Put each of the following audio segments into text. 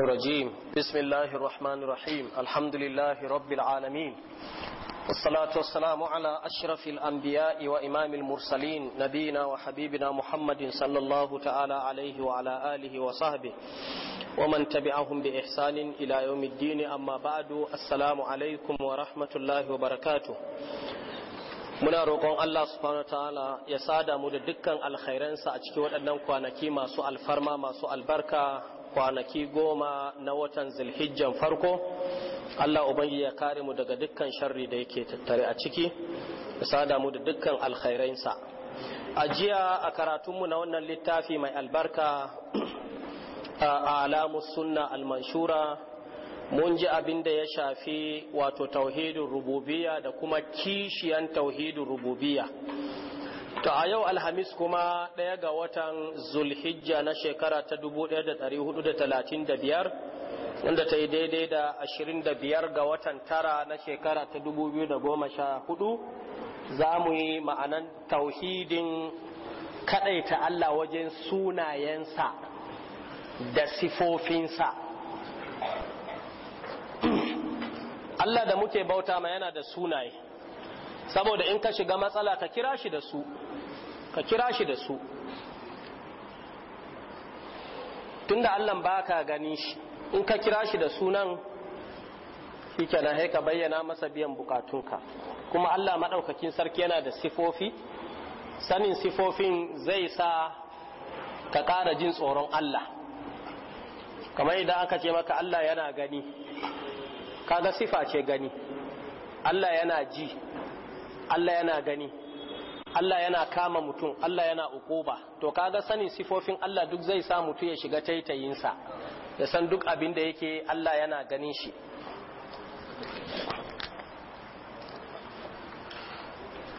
الرجيم بسم الله الرحمن الرحيم الحمد لله رب العالمين والصلاة والسلام على أشرف الأنبياء وإمام المرسلين نبينا وحبيبنا محمد صلى الله تعالى عليه وعلى آله وصحبه ومن تبعهم بإحسان إلى يوم الدين أما بعد السلام عليكم ورحمة الله وبركاته muna roƙon Allah subhanahu ta'ala ya sada mu da dukkan alkhairansa a cikin waɗannan kwanaki masu alfarma masu albarka kwanaki goma na watan zulhijjan farko Allah Ubangiji ya kare mu daga dukkan sharri da yake tattare a ciki ya sada mu da dukkan alkhairainsa a jiya a karatunmu na wannan littafi mai albarka a alamu sunna almanshura mun ji abin da ya shafi wato tauhidin rububiya da kuma kishiyan tauhidin rububiya To a yau Alhamis kuma ɗaya ga watan Zulhijja na shekara ta 1435 wanda ta yi daidai da 25 ga watan tara na shekara ta 2014 za mu yi ma'anan tauhidin ta Allah wajen sunayensa da sifofinsa. Allah da muke bauta ma yana da sunaye. saboda in ka shiga matsala ka kira shi da su ka kira shi da su tunda Allah ka gani shi in ka kira shi da sunan ke na ka bayyana masa biyan bukatunka kuma Allah maɗaukakin sarki yana da sifofi sanin sifofin zai sa ka ƙara jin tsoron Allah kamar idan aka ce maka Allah yana gani kaga sifa ce gani Allah yana ji Allah yana gani Allah yana kama mutum Allah yana ukuba to kaga sanin sifofin Allah duk zai sa mutum ya shiga taitayinsa ya san duk abin da yake Allah yana ganin shi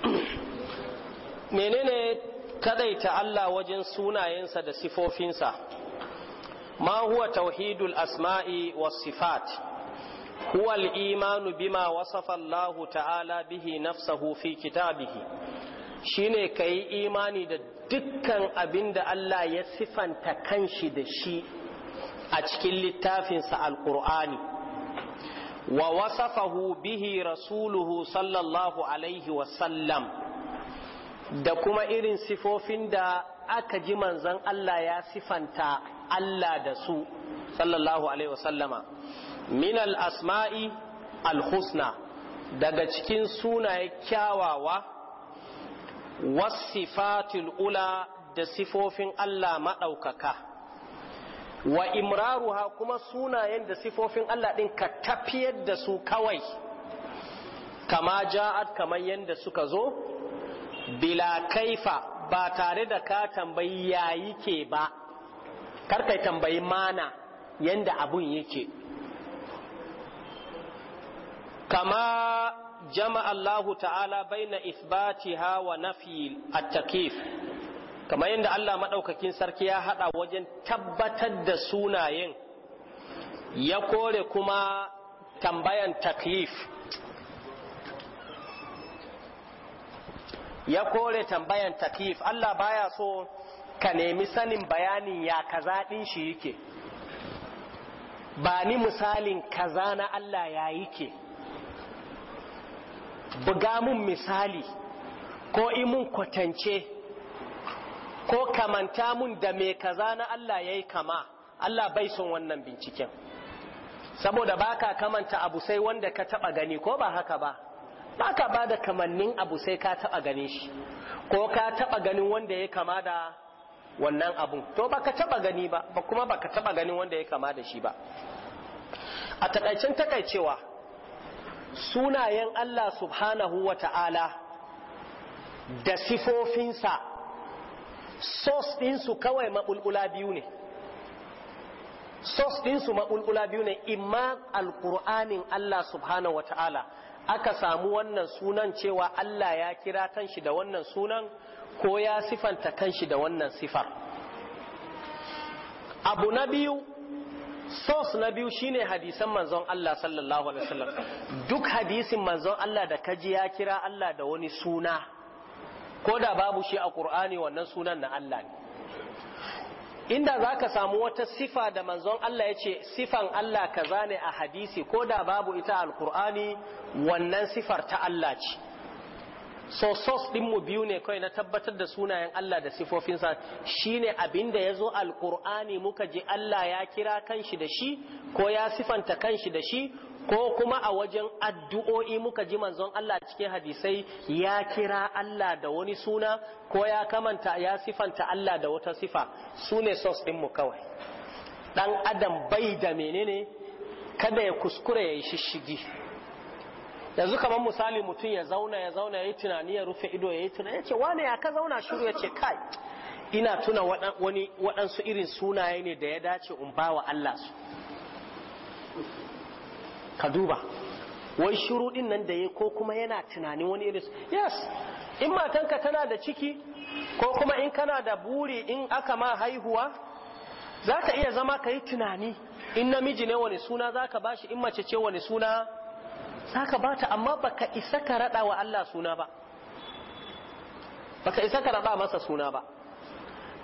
menene kadaita Allah wajen sunayensa da sifofinsa ma huwa tauhidul asma'i was sifat huwa imanu bima wasafa ta'ala bihi nafsahu fi kitabihi shine kai imani da dukkan abinda Allah ya sifanta kanshi da shi a cikin littafinsa al-Qur'ani wa wasafahu bihi rasuluhu sallallahu alaihi wasallam da kuma irin sifofin da aka ji manzon Allah ya sifanta Allah da su sallallahu alaihi wasallama minal asma'i alhusna daga cikin sunaye kyawawa wasifatul ula da sifofin Allah maɗaukaka wa imraruha kuma sunayen da sifofin Allah ɗin ka tafiyar da su kawai kama ja'ad kamar yadda suka zo bila kaifa ba tare da ka tambayi yayi ke ba karkai tambayi mana yanda abun yake kama jama Allahu ta'ala baina isbatiha wa nafi at-takif kama yadda Allah madaukakin sarki ya haɗa wajen tabbatar da sunayen ya kore kuma tambayan taklif ya kore tambayan taklif Allah baya so ka nemi sanin bayanin ya kaza din shi yake ba ni misalin kaza na Allah ya yake buga mun misali ko mun kwatance ko kamanta mun da mai kaza na Allah ya yi kama Allah bai son wannan binciken saboda baka kamanta abu sai wanda ka taba gani ko ba haka ba baka bada kamannin abu sai ka taba ganin shi ko ka taba ganin wanda ya kama da wannan abun to baka taba gani ba kuma baka taba ganin wanda ya kama da shi ba a takaicen takaicewa sunayen Allah subhanahu wa ta'ala da sifofinsa sos ɗinsu kawai maɓulɓula biyu ne sos ɗinsu maɓulɓula biyu ne imma alƙur'anin Allah subhanahu wa ta'ala aka samu wannan sunan cewa Allah ya kira kanshi da wannan sunan ko ya sifanta kanshi da wannan sifar abu na biyu source na biyu shine hadisan manzon Allah sallallahu alaihi wasallam duk hadisin manzon Allah da kaji ya kira Allah da wani suna ko da babu shi a Qur'ani wannan sunan na Allah ne inda zaka samu wata sifa da manzon Allah yace sifan Allah kaza ne a hadisi ko da babu ita al-Qur'ani wannan sifar ta Allah ce so sos din mu biyu ne kawai na tabbatar da sunayen Allah da sifofinsa shine abinda yazo alqur'ani muka ji Allah ya kira kanshi da shi ko ya sifanta kanshi da shi ko kuma a wajen addu'o'i muka ji manzon Allah cikin hadisai ya kira Allah da wani suna ko ya kamanta ya sifanta Allah da wata sifa sune sos din mu kawai dan adam bai da menene kada ya kuskure ya yi shishigi yanzu kamar misali mutum ya zauna ya zauna ya yi tunani ya rufe ido ya yi tunani ya ce wane ya ka zauna shiru ya ce kai ina tuna wani waɗansu irin sunaye ne da ya dace in ba wa Allah su ka duba wai shiru din nan da ya ko kuma yana tunani wani irin su yes in matanka tana da ciki ko kuma in kana da buri in aka ma haihuwa za ka iya zama ka yi tunani in namiji ne wani suna za ka bashi in mace ce wani suna zaka bata amma baka isa ka rada wa Allah suna ba baka isa ka rada masa suna ba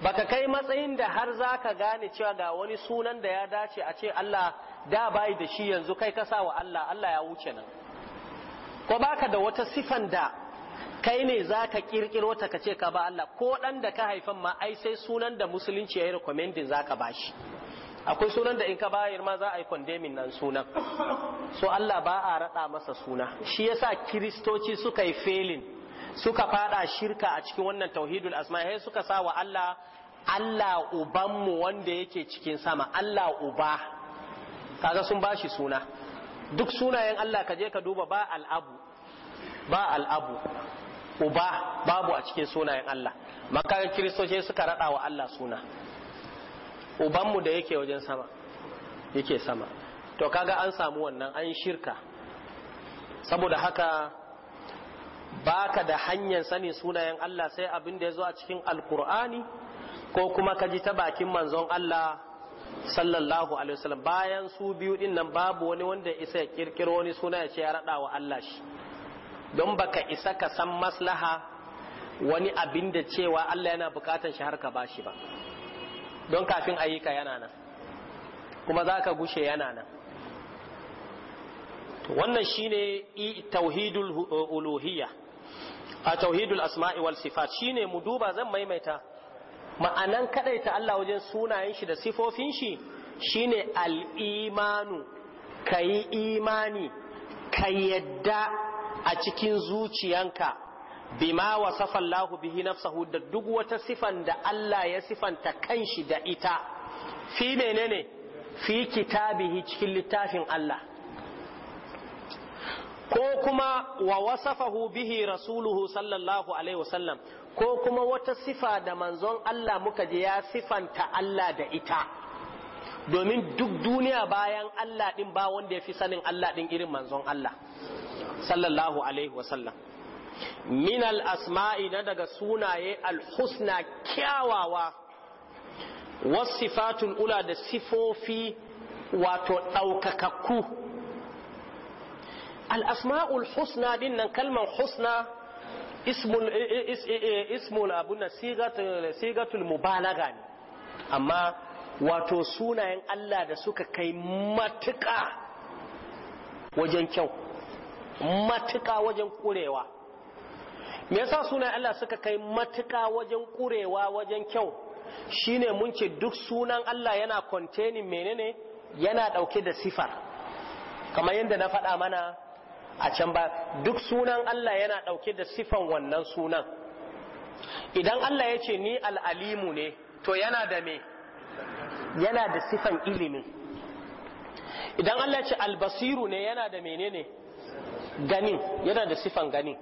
baka kai matsayin da har zaka gane cewa ga wani sunan da ya dace a ce Allah da bai da shi yanzu kai ka sa wa Allah Allah ya wuce nan ko baka da wata sifan da kai ne zaka kirkiro ta kace ka ba Allah ko dan da ka haifan ma ai sai sunan da musulunci ya yi recommending zaka bashi akwai sunan da in ka bayar ma za a yi kondemin nan sunan so Allah ba a raɗa masa suna shi yasa kiristoci suka yi felin suka fada shirka a cikin wannan tauhidul asma sai suka sa wa Allah Allah ubanmu wanda yake cikin sama Allah uba kaga sun bashi suna duk sunayen Allah ka je ka duba ba al'abu ba al'abu uba babu a cikin sunayen Allah makarin kiristoci suka raɗa wa Allah suna ubanmu da yake wajen sama yake sama to kaga an samu wannan an shirka saboda haka baka da hanyar sanin sunayen Allah sai abin da ya zo a cikin alkur'ani ko kuma ka ji ta bakin manzon Allah sallallahu alaihi wasallam bayan su biyu din nan babu wani wanda isa ya kirkiro wani suna ya ce ya rada wa Allah shi don baka isa ka san maslaha wani abin da cewa Allah yana bukatan shi har ka bashi ba don kafin ayyuka yana nan kuma za ka gushe yana nan wannan shi ne tauhidul uh, uluhiyya a tauhidul asma'i wal sifat ne mu duba zan maimaita ma'anan ta Allah wajen sunayen shi da sifofin shi shi ne alimanu imanu yi imani ka yadda a cikin zuciyanka bima wasafa Allah bihi nafsahu da duk wata sifan da Allah ya sifanta kanshi da ita fi menene fi kitabihi cikin littafin Allah ko kuma wa wasafahu bihi rasuluhu sallallahu alaihi wasallam ko kuma wata sifa da manzon Allah muka je ya sifanta Allah da ita domin duk duniya bayan Allah ɗin ba wanda ya fi sanin Allah ɗin irin manzon Allah sallallahu alaihi wasallam minal asma'i na daga sunaye alhusna kyawawa wasifatul ula da sifofi wato ɗaukakakku al'asma'ul husna din nan kalman husna ismul abu na sigatul mubalaga ne amma wato sunayen Allah da suka kai matuƙa wajen kyau matuƙa wajen ƙurewa me yasa sunan Allah suka kai matuƙa wajen ƙurewa wajen kyau shine mun ce duk sunan Allah yana containing menene yana ɗauke da sifar kamar yadda na faɗa mana a can ba duk sunan Allah yana ɗauke da sifan wannan sunan idan Allah ya ce ni al'alimu ne to yana da me yana da sifan ilimin idan Allah ya ce albasiru ne yana da menene ganin yana da sifan ganin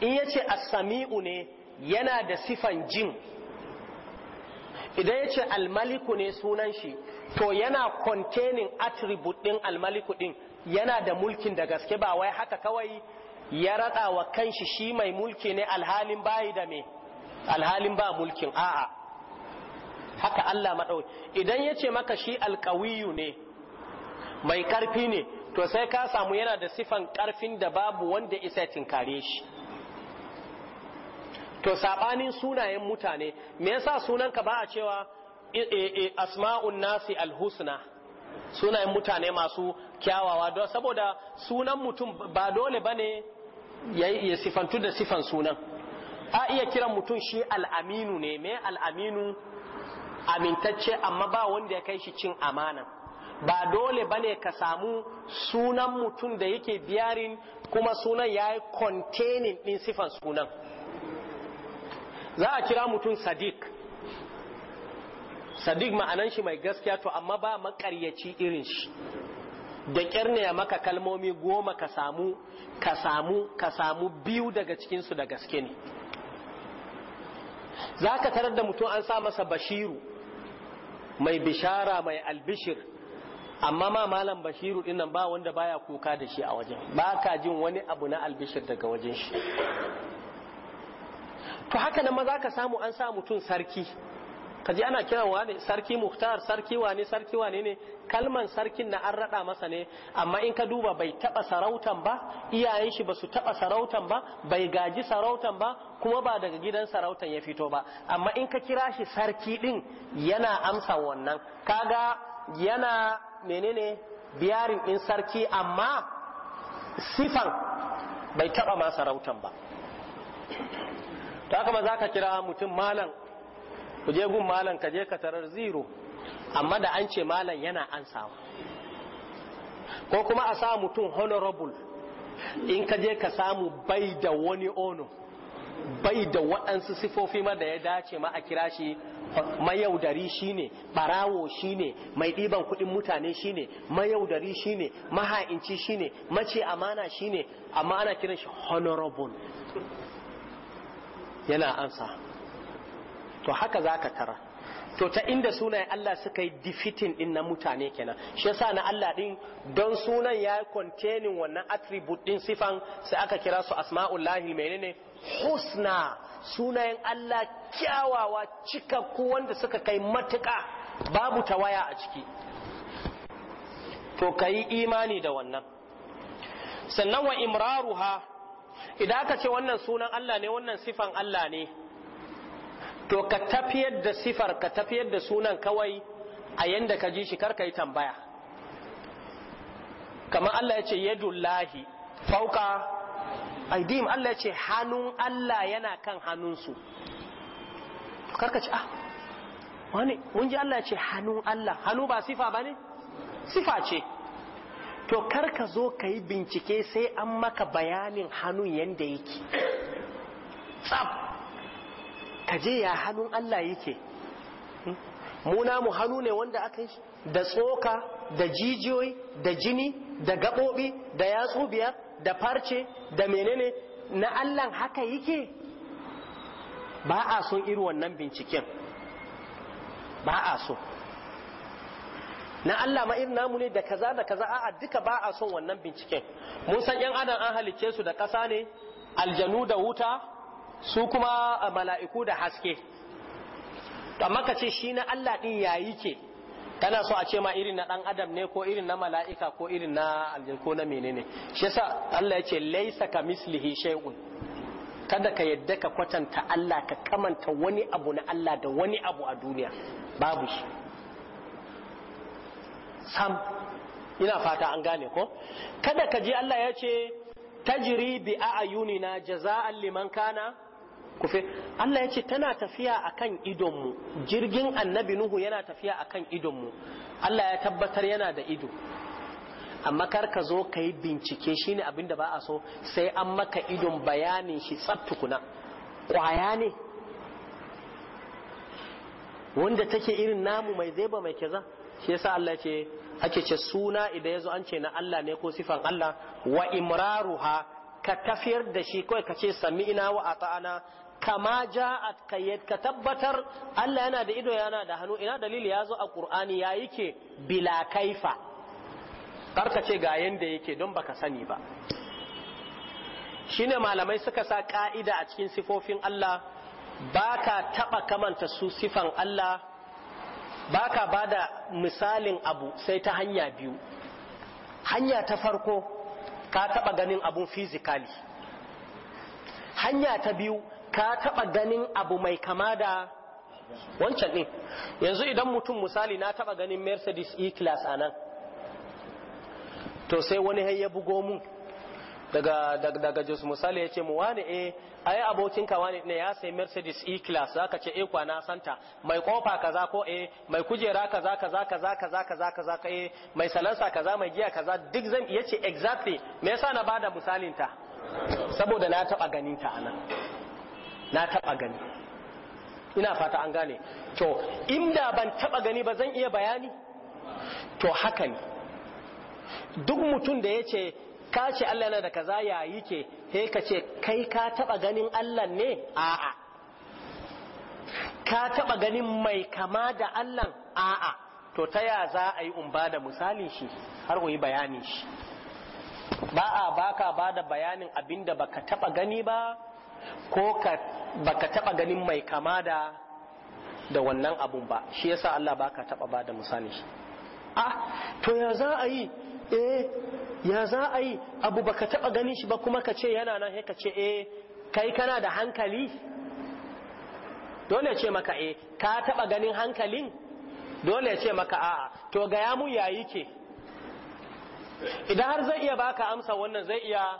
in ya ce asami'u ne yana da sifan jin idan ya ce almaliku ne sunan shi to yana containing attribute din almaliku din yana da mulkin da gaske ba wai haka kawai ya raɗa wa kanshi shi mai mulki ne alhalin bayi da me alhalin ba mulkin a'a haka Allah maɗauki idan ya ce maka shi alkawiyu ne mai ƙarfi ne to sai ka samu yana da sifan ƙarfin da babu wanda isa tinkare shi to sabanin sunayen mutane me yasa sunan ka ba a cewa asma'un nasi alhusna sunayen mutane masu kyawawa don saboda sunan mutum ba dole bane ya sifantu da sifan sunan a iya kiran mutum shi al'aminu ne me al'aminu amintacce amma ba wanda ya kai shi cin amana ba dole bane ka samu sunan mutum da yake biyarin kuma sunan ya yi containing din sifan sunan za a kira mutum sadiq sadiq ma'anan shi mai gaskiya to amma ba makaryaci irin shi da ne ya maka kalmomi goma ka samu ka samu ka samu biyu daga cikinsu da gaske ne za ka tarar da mutum an sa masa bashiru mai bishara mai albishir amma ma malam bashiru dinnan ba wanda baya kuka da shi a wajen ba ka jin wani abu na albishir daga wajen shi to haka nan za ka samu an sa mutum sarki kaji ana kiran wane sarki muhtar sarki wane sarki wane ne kalman sarkin na an rada masa ne amma in ka duba bai taba sarautan ba iyayen shi basu taba sarautan ba bai gaji sarautan ba kuma ba daga gidan sarautan ya fito ba amma in ka kira shi sarki din yana amsa wannan kaga yana menene biyarin in sarki amma sifan bai taba ma sarautan ba ta kama za ka kira mutum malam ku je gun malam ka je ka tarar zero amma da an ce malam yana ansawa ko kuma a sa mutum honorable in ka je ka samu bai da wani ono bai da waɗansu sifofi ma da ya dace ma a kira shi mayaudari shine barawo shine mai ɗiban kuɗin mutane shine mayaudari shine maha'inci shine mace amana shine amma ana kiran shi honorable yana ansa to haka za ka tara to ta inda sunayen Allah suka yi defeating din na mutane kenan shi yasa na Allah din don sunan ya yi containing wannan attribute din sifan sai aka kira su asma'ullahi menene husna sunayen Allah kyawawa cikakku wanda suka kai matuka babu tawaya a ciki to ka imani da wannan sannan wa imraruha idan aka ce wannan sunan Allah ne wannan sifan Allah ne to ka tafiyar da sifar ka tafiyar da sunan kawai a yanda ka ji shi karka yi tambaya kamar Allah ya ce yadullahi fauka aidim Allah ya ce hannun Allah yana kan hannunsu karka ce ah wani mun ji Allah ya ce hannun Allah hannu ba sifa ba ne sifa ce to kar ka zo ka yi bincike sai an maka bayanin hannun yadda yake tsab ka je ya hannun Allah yake hmm? muna mu hannu ne wanda aka yi da tsoka da jijiyoyi da jini da gaɓoɓi da yatsu biyar da farce da menene na Allah haka yake ba a son iri wannan binciken ba a so na Allah ma irin namu ne da kaza da kaza a'a duka ba a son wannan binciken mun san yan adam an halicce su da kasa ne aljanu da wuta su kuma mala'iku da haske To amma ka ce shi na Allah din yayi ke kana so a ce ma irin na dan adam ne ko irin na mala'ika ko irin na aljin ko na menene shi yasa Allah ya ce laisa ka mislihi shay'un kada ka yadda ka kwatanta Allah ka kamanta wani abu na Allah da wani abu a duniya babu shi sam ina fata an gane ko kada ka je Allah ya ce tajri bi a'yunina jaza'an liman kana kufe Allah ya ce tana tafiya akan idon mu jirgin annabi nuhu yana tafiya akan idon mu Allah ya tabbatar yana da ido amma kar ka zo ka yi bincike shine abinda ba a so sai an maka idon bayanin shi tsab tukuna kwaya ne wanda take irin namu mai zeba mai kaza shi yasa Allah ce ake ce suna idan yazo an ce na Allah ne ko sifan Allah wa imraruha ka tafiyar da shi kawai ka ce sami'na wa ata'ana kama ja'at kayyad ka tabbatar Allah yana da ido yana da hannu ina dalili yazo a Qur'ani ya ke bila kaifa Kar ka ce ga yanda yake don baka sani ba shine malamai suka sa ka'ida a cikin sifofin Allah baka taba kamanta su sifan Allah ba ka ba misalin abu sai ta hanya biyu hanya ta farko ka taba ganin abun fizikali hanya ta biyu ka taba ganin abu mai kama da wancan ɗin yanzu idan mutum misali na taba ganin mercedes e-class a to sai wani ya bugo mun daga daga Jos musali ya ce mu wane eh ai abokin ka wane ne ya sai Mercedes E class zaka ce e eh, kwana santa mai kofa kaza ko eh mai kujera kaza kaza kaza kaza kaza kaza ka e mai salansa kaza mai giya kaza duk zan iya ce exactly me yasa na bada misalin ta saboda na taba ganin ta anan na taba gani ina fata an gane to inda ban taba gani ba zan iya bayani to haka ne duk mutum da ya ce ka ce Allah yana da kaza ya yi ke sai ka ce kai ka taba ganin Allah ne a'a ka taba ganin mai kama da Allah a'a to ta ya za a yi umba da misali shi har ku yi bayani shi ba a baka ba bayanin abinda baka taba gani ba ko baka taba ganin mai kama da da wannan abun ba shi yasa Allah baka taba ba da misali. shi a ah, to ya za a yi eh ya za a yi abu baka taba ganin shi ba kuma ka ce yana nan ka ce eh kai kana da hankali dole ce maka eh ka taba ganin hankalin dole ce maka a'a to ga ya mun yayi ke idan har zai iya baka amsa wannan zai iya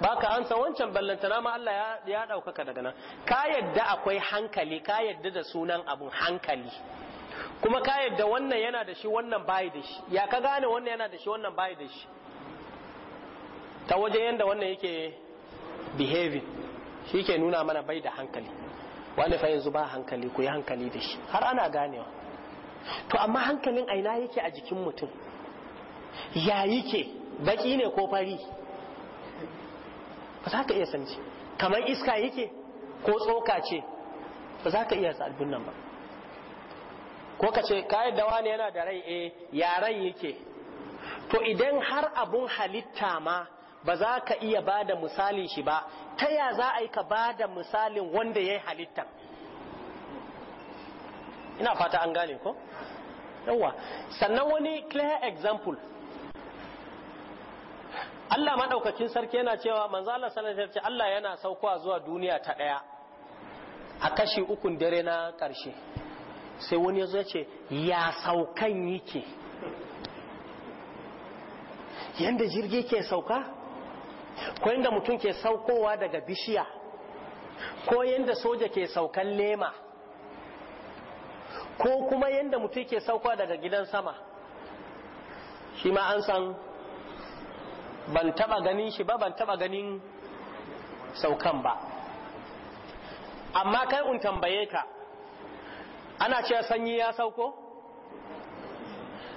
baka amsa wancan ballantana ma Allah ya ya daukaka daga nan ka yadda akwai hankali ka yadda da sunan abun hankali kuma ka yadda wannan yana da shi wannan bayi da shi ya ka gane wannan yana da shi wannan bayi da shi ta wajen yadda wannan yake behaving shi ke nuna mana bai da hankali wani fa yanzu ba hankali ku yi hankali da shi har ana ganewa to amma hankalin aina yake a jikin mutum ya yake baki ne ko fari ba za ka iya sanci kamar iska yake ko tsoka ce ba za ka iya sa albin nan ba ko ka ce ka yadda wani yana da rai eh ya rai yake to idan har abun halitta ma ba za ka iya ba da misalin shi ba ta ya za a yi ka ba da misalin wanda ya yi halittan ina fata an gane ko yawa sannan wani clear example Allah maɗaukacin sarki yana cewa manzala Allah Allah yana saukowa zuwa duniya ta ɗaya a kashi ukun dare na ƙarshe sai wani ya yace ya saukan yake yadda jirgi ke sauka ko yadda mutum ke saukowa daga bishiya ko yadda soja ke saukan lema ko kuma yadda mutum ke saukowa daga gidan sama shi ma an san ban taba ganin shi ba ban taba ganin saukan ba amma kai un tambaye ka ana cewa sanyi ya sauko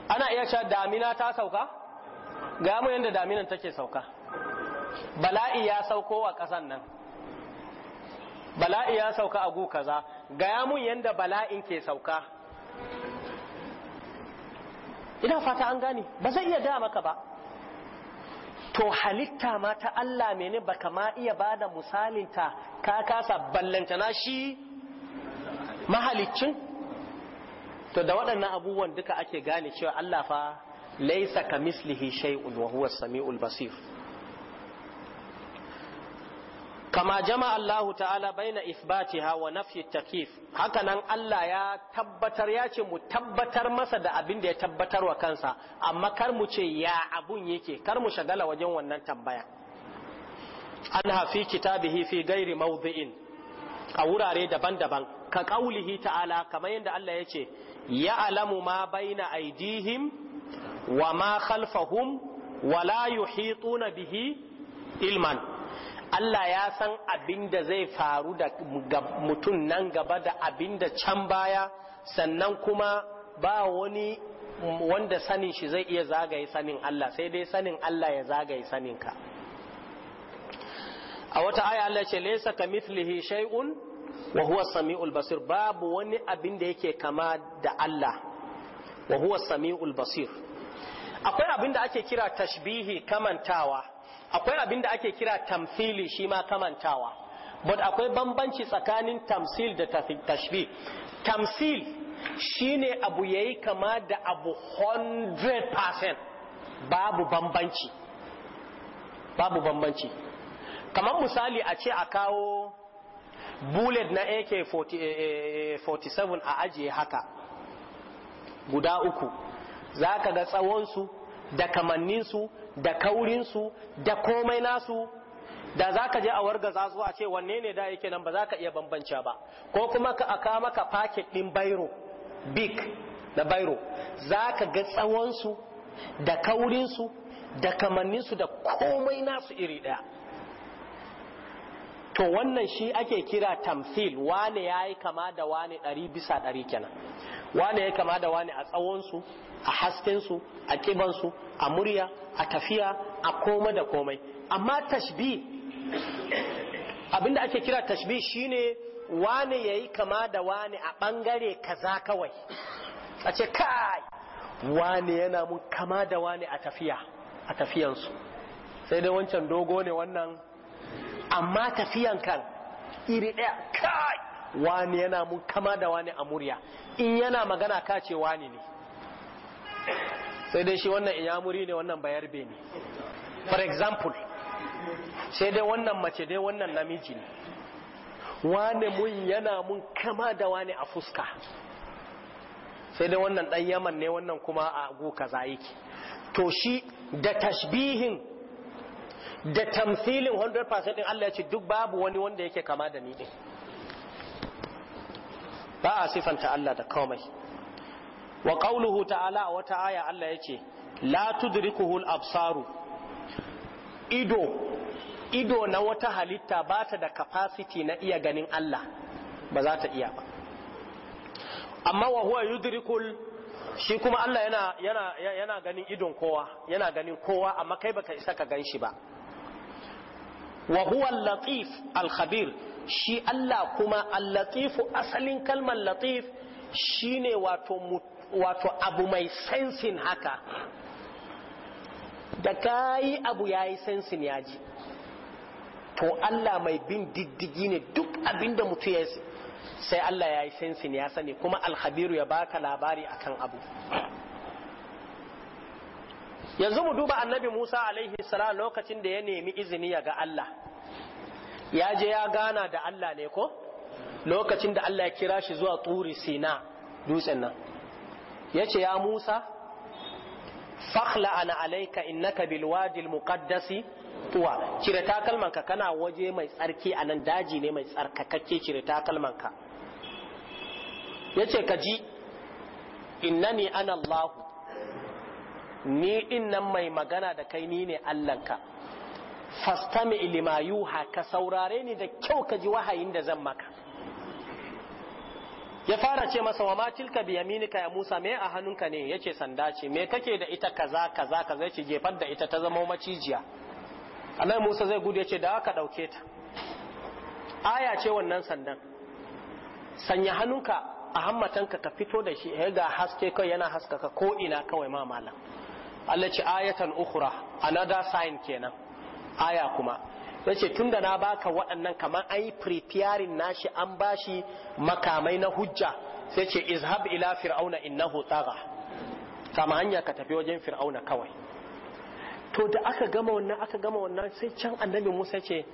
ana iya cewa damina ta sauka ga mu yanda daminan take sauka bala'i ya sauko a ƙasan nan bala'i ya sauka a gu kaza gaya mun yanda bala'in ke sauka ina fata an gane ba zai iya da maka ba to halitta ma ta Allah mene baka ma iya bada misalinta ka kasa ballantana shi mahaliccin to da waɗannan abubuwan duka ake gane cewa Allah fa laisa ka mislihi shay'un wa huwa samiul basir kama jama'allahu ta'ala baina isbatiha wa nafyi takif haka nan Allah ya tabbatar ya ce mu tabbatar masa da abin da ya tabbatar wa kansa amma kar mu ce ya abun yake kar mu shagala wajen wannan tambaya an hafi kitabihi fi gairi mawdhi'in a wurare daban-daban ka kaulihi ta'ala kamar yadda Allah ya ce ya'lamu ma baina aydihim wa ma khalfahum wa la yuhituna bihi ilman Allah ya san abinda zai faru da mutum nan gaba da abinda can baya sannan kuma ba wani wanda sanin shi zai iya zagaye sanin Allah sai dai sanin Allah ya zagaye saninka a wata aya Allah ce laysa kamithlihi shay'un wa huwa sami'ul basir babu wani abin da yake kama da Allah wa huwa sami'ul basir akwai abin da ake kira tashbihi kamantawa akwai abin da ake kira tamthili shi ma kamantawa but akwai bambanci tsakanin tamsil da tashbih tamsil shine abu yayi kama da abu 100% babu bambanci babu bambanci kamar misali a ce a kawo bullet na AK-47 eh, eh, a ajiye haka guda uku za ka ga tsawonsu da kamanninsu da kaurinsu da komai nasu da za ka je a wargaza su a ce wanne ne da yake nan ba za ka iya bambance ba ko kuma ka aka maka paket ɗin bairo big na bairo za ka ga tsawonsu da kaurinsu da kamanninsu da komai nasu iri ɗaya to wannan shi ake kira tamfil wane ya yi kama da wane ɗari bisa ɗari kenan wane ya kama da wane a tsawonsu a haskensu a ƙibansu a murya a tafiya a koma da komai amma tashbi abinda ake kira tashbi shine wane ya yi kama da wane a ɓangare kaza kawai a ce kai wane yana mun kama da wane a tafiya a tafiyansu sai dai wancan dogo ne wannan amma tafiyan kan iri ɗaya kai wani yana mun kama da wani a murya in yana magana ka ce wani ne sai dai shi wannan iyamuri ne wannan bayarbe ne for example sai dai wannan mace dai wannan namiji ne Wani mun yana mun kama da wani a fuska sai dai wannan ɗan yaman ne wannan kuma a guka kaza yake to shi da tashbihin da tamsilin 100% din Allah ya ce duk babu wani wanda yake kama da ni din ba a sifanta Allah da komai wa qauluhu ta'ala a wata aya Allah ya ce la tudrikuhu absaru ido ido na wata halitta ba ta da capacity na iya ganin Allah ba za ta iya ba amma wa huwa yudrikul shi kuma Allah yana yana yana ganin idon kowa yana ganin kowa amma kai baka isa ka gan shi ba wa huwa latif al shi Allah kuma al-latifu asalin kalmar latif shine wato abu mai sensin haka da kayi abu yayi sensin ji. to Allah mai bin diddigi ne duk abinda mutu ya sai Allah yayi sensin ya sani kuma al ya baka labari akan abu yanzu mu duba annabi Musa alaihi salam lokacin da ya nemi izini ya ga Allah ya je ya gana da Allah ne ko lokacin da Allah ya kira shi zuwa turi sina dutsen nan ya ce ya Musa fakhla ana alaika innaka bil wadil muqaddasi tuwa cire takalmanka kana waje mai tsarki a nan daji ne mai tsarkakakke cire takalmanka ya ce ka ji innani ana Allahu ni innan mai magana da kai ni ne Allahnka fastami lima haka saurare ni da kyau ka ji wahayin da zan maka ya fara ce masa wa ma tilka bi yaminika ya Musa me a hannunka ne yace sanda ce me kake da ita kaza kaza kaza ce jefar da ita ta zama macijiya Allah Musa zai gudu yace da aka ɗauke ta aya ce wannan sandan sanya hannunka a hammatanka ka fito da shi ga haske kai yana haskaka ko ina kawai ma malam Allah ce ayatan ukhra another sign kenan aya kuma yace tunda na baka waɗannan kamar ai preparing nashi an bashi makamai na hujja sai ce izhab ila fir'auna innahu tagha kama hanya ka tafi wajen fir'auna kawai to da aka gama wannan aka gama wannan sai can annabi Musa ce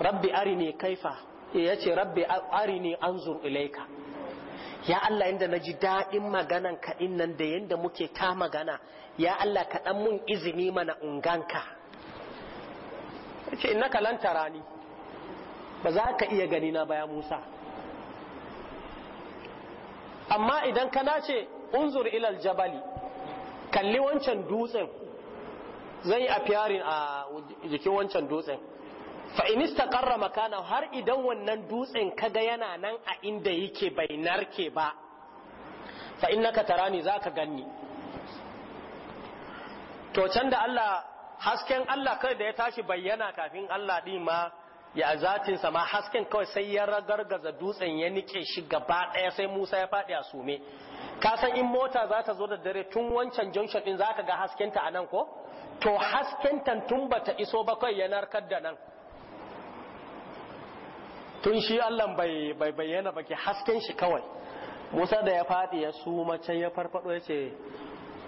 rabbi arini kaifa yace rabbi arini anzur ilaika ya Allah inda na ji daɗin maganan kaɗin nan da yadda muke ta magana ya Allah kaɗan mun izini mana unganka ce innaka lan ni ba za ka iya gani na baya Musa amma idan ka nace unzur ilal jabali kalli wancan dutsen zan yi a fiyarin a jikin wancan dutsen fa in istaqarra makana har idan wannan dutsen kaga yana nan a inda yake bai narke ba fa innaka tarani zaka ganni to can da Allah hasken Allah kai da ya tashi bayyana kafin Allah din ma ya zatin sa ma hasken kawai sai ya ragargaza dutsen ya nike shi gaba ɗaya sai Musa ya fadi a sume ka san in mota za ta zo da dare tun wancan junction din zaka ga haskenta anan ko to haskenta tun bata iso ba kai ya narkar da nan tun shi Allah bai bayyana baki hasken shi kawai Musa da ya faɗi ya su can ya farfado ya ce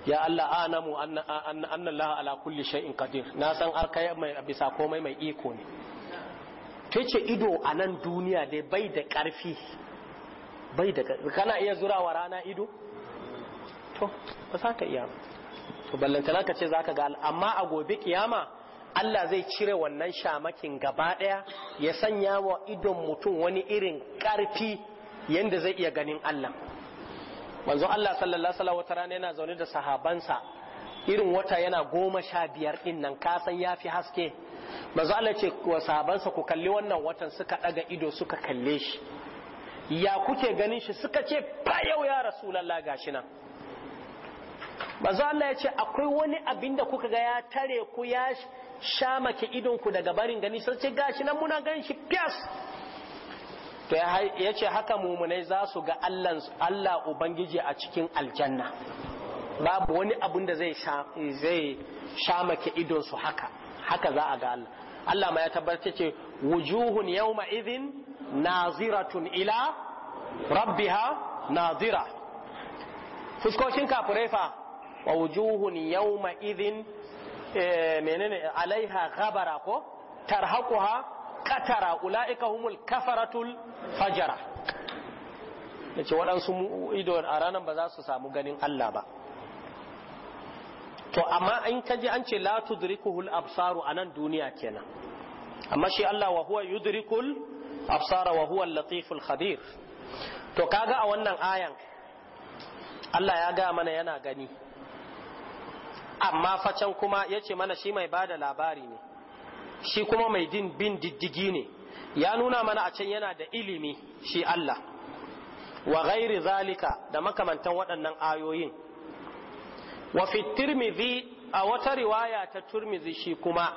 ya Allah anamu annan laha ala kulli shay'in qadir na san arkai mai bisa komai mai iko ne ta ce ido a nan duniya dai bai da ƙarfi bai da karfi kana iya zurawa rana ido to ba za ka iya ba. to ballantana ka ce za ka ga amma a gobe kiyama Allah zai cire wannan shamakin gaba ɗaya ya sanya wa idon mutum wani irin ƙarfi yadda zai iya ganin Allah. Manzo Allah sallallahu Alaihi wata rana yana zaune da sahabansa irin wata yana goma sha biyar ɗin nan kasan ya fi haske. Manzo Allah ce wa sahabansa ku kalli wannan watan suka ɗaga ido suka kalle shi. Ya kuke ganin shi suka ce ba yau ya Rasulallah gashi nan. manzo Allah ya ce akwai wani abin da kuka ga ya tare ku ya sha idonku idon ku daga barin gani sai ce gashi nan muna ganshi shi fias to ya ce haka mumunai za su ga Allah Allah ubangiji a cikin aljanna babu wani abin da zai sha zai sha make idon su haka haka za a ga Allah Allah ma ya tabbata ce wujuhun yawma idhin naziratun ila rabbiha nazira fuskoshin kafurefa wa wujuhun yawma idhin eh, menene alaiha ghabara ko tarhaquha qatara ulaika humul kafaratul fajara yace waɗansu ido a ranar ba za su samu ganin Allah ba to amma in kaji an ce la tudrikuhul absaru anan duniya kenan amma shi Allah wa huwa yudrikul absara wa huwa latiful khabir to kaga a wannan ayan Allah ya ga mana yana gani amma facan kuma ya ce mana shi mai bada labari ne shi kuma mai din bin diddigi ne ya nuna mana a can yana da ilimi shi Allah wa ghairi zalika da makamantan waɗannan ayoyin wa fi a wata riwaya ta turmizi shi kuma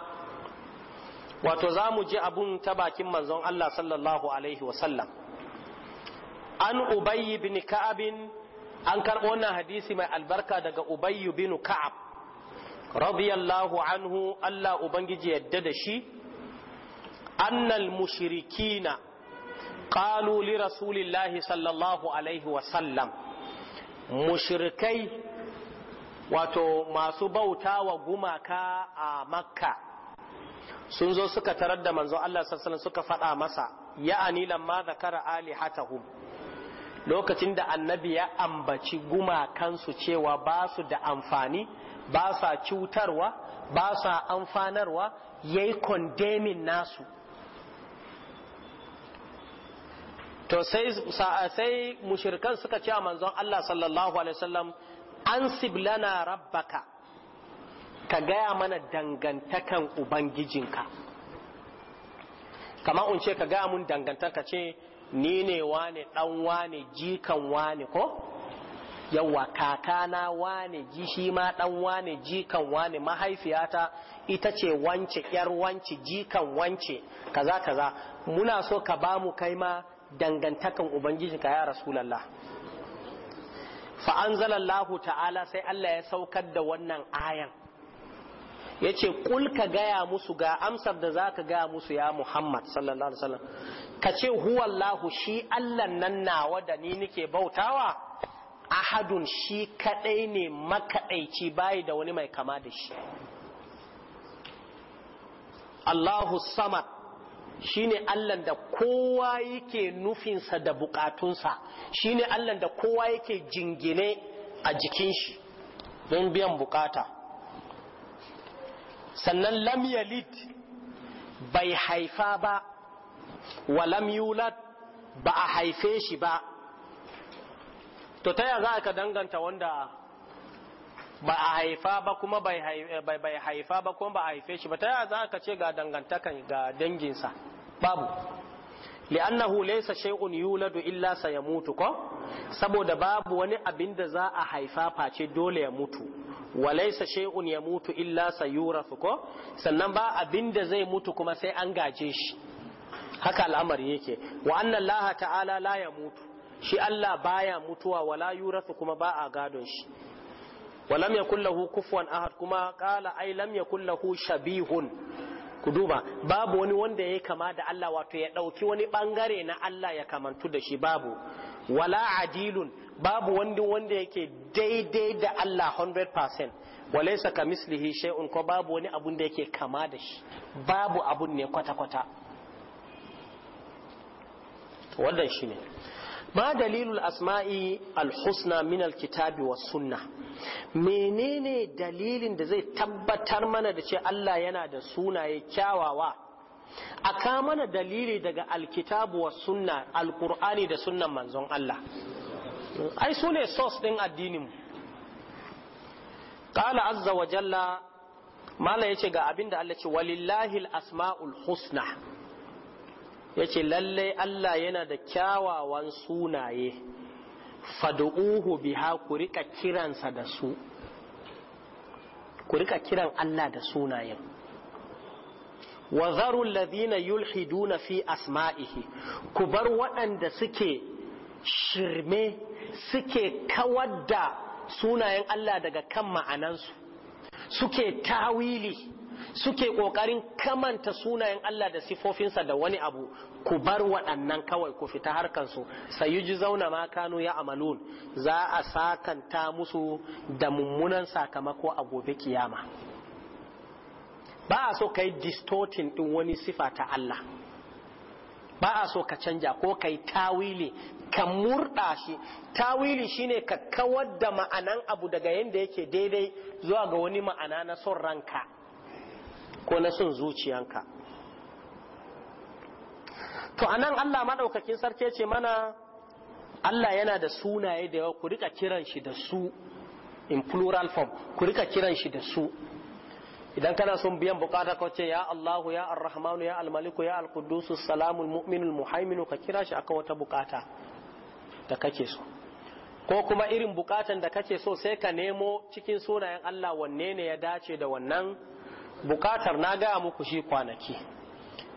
wato za mu ji abun ta bakin manzon Allah sallallahu alaihi wasallam an ubayi bin ka'abin an karɓo wannan hadisi mai albarka daga ubayi bin ka'ab radiyallahu anhu Allah ubangiji yadda da shi annal mushrikina qalu li rasulillahi sallallahu alaihi wa sallam mushrikai wato masu bauta wa gumaka a makka sun zo suka tarar da manzo Allah sallallahu suka faɗa masa ya'ani lamma zakara alihatahum lokacin da annabi ya ambaci gumakansu cewa ba su da amfani ba sa cutarwa ba sa amfanarwa ya yi kondemin nasu to sai mushirkan suka ce a manzon Allah sallallahu alaihi wasallam an siblana rabbaka ka gaya mana dangantakan ubangijinka kamar unce ka gaya mun dangantaka ce ni ne wane ɗan wane jikan wane ko yawa kakana wane ji shi ma ɗan wane jikan wane mahaifiyata ita ce wance yar wance jikan wance kaza kaza muna so ka ba mu kai ma dangantakan ubangijinka ya rasulallah fa anzalallahu ta'ala sai Allah ya saukar da wannan ayan yace kul ka gaya musu ga amsar da za ka gaya musu ya Muhammad sallallahu alaihi wasallam kace huwallahu shi allan nan nawa da ni nike bautawa ahadun shi kadai ne makaɗaici bayi da wani mai kama da shi Allahu samad ne allan da kowa yake nufinsa da bukatunsa shi ne allan da kowa yake jingine a jikin shi don biyan bukata sannan lam bai haifa ba wa lam yulad ba a haife shi ba to ta za ka danganta wanda ba a haifa ba kuma bai eh, haifa ba kuma ba a haife shi ba ta za ka ce ga dangantakan ga danginsa babu li'annahu laysa shay'un yuladu illa sayamutu ko saboda babu wani abin da za a haifa face dole ya mutu walaisa shay'un ya mutu illa sayurafu ko sannan ba abinda zai mutu kuma sai an gaje shi haka al'amari yake wa anna allaha ta'ala la ya mutu shi Allah baya mutuwa wala yurafu kuma ba a gadon shi walam yakul lahu kufuwan ahad kuma qala ai lam yakul lahu shabihun ku duba babu wani wanda ya kama da Allah wato ya ɗauki wani ɓangare na Allah ya kamantu da shi babu wala adilun babu wanda wanda yake daidai da Allah 100% walaysa kamislihi shay'un ko babu wani abun da yake kama da shi babu abun ne kwata kwata wannan shine ma dalilul asma'i alhusna husna min al was sunna menene dalilin da zai tabbatar mana da ce Allah yana da sunaye kyawawa a ka mana dalili daga alkitabu wa sunna alkur'ani da sunnan manzon Allah ai su ne sos ɗin addinin ƙala azza wa jalla mala ya ce ga abin da Allah ce walillahi asma'ul husna ya ce lallai Allah yana da kyawawan sunaye fadu'uhu biha ku rika kiransa da su ku rika kiran Allah da sunayen wa zaru alladhina yulhiduna fi asma'ihi ku bar waɗanda suke shirme suke kawar da sunayen Allah daga kan ma'anansu suke tawili suke ƙoƙarin kamanta sunayen Allah da sifofinsa da wani abu ku bar waɗannan kawai ku fita harkansu ji zauna ma Kano ya amalun za a sakanta musu da mummunan sakamako a gobe kiyama ba a so ka yi distortin ɗin wani sifa ta Allah ba a so ka canja ko kai tawili ka murɗa shi tawili shine ka kawar da ma'anan abu daga yadda yake daidai zuwa ga wani ma'ana na son ranka ko na son zuciyanka to a nan Allah maɗaukakin sarki ce mana Allah yana da sunaye da yawa ku rika kiran shi da su in plural form ku rika kiran shi da su idan kana son biyan bukata ka ce ya Allahu ya Ar-Rahmanu ya Al-Maliku ya Al-Quddusu Salamul Al-Muhaimin ka kira shi akan wata bukata da kake so ko kuma irin bukatan da kake so sai ka nemo cikin sunayen Allah wanne ne ya dace da wannan bukatar na gaya muku shi kwanaki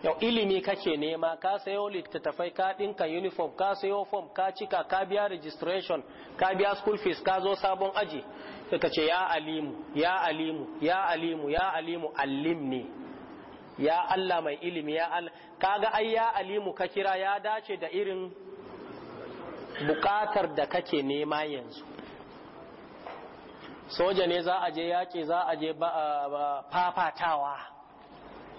yau ilimi kake nema ka sayo littattafai ka dinka uniform ka sayo form ka cika ka biya registration ka biya school fees ka zo sabon aji suka ce ya alimu ya alimu ya alimu ya alimu allimni ya Allah mai ilimi ya Allah kaga ai ya alimu ka kira ya dace da irin bukatar da kake nema yanzu soja ne za a je yaƙi za a je fafatawa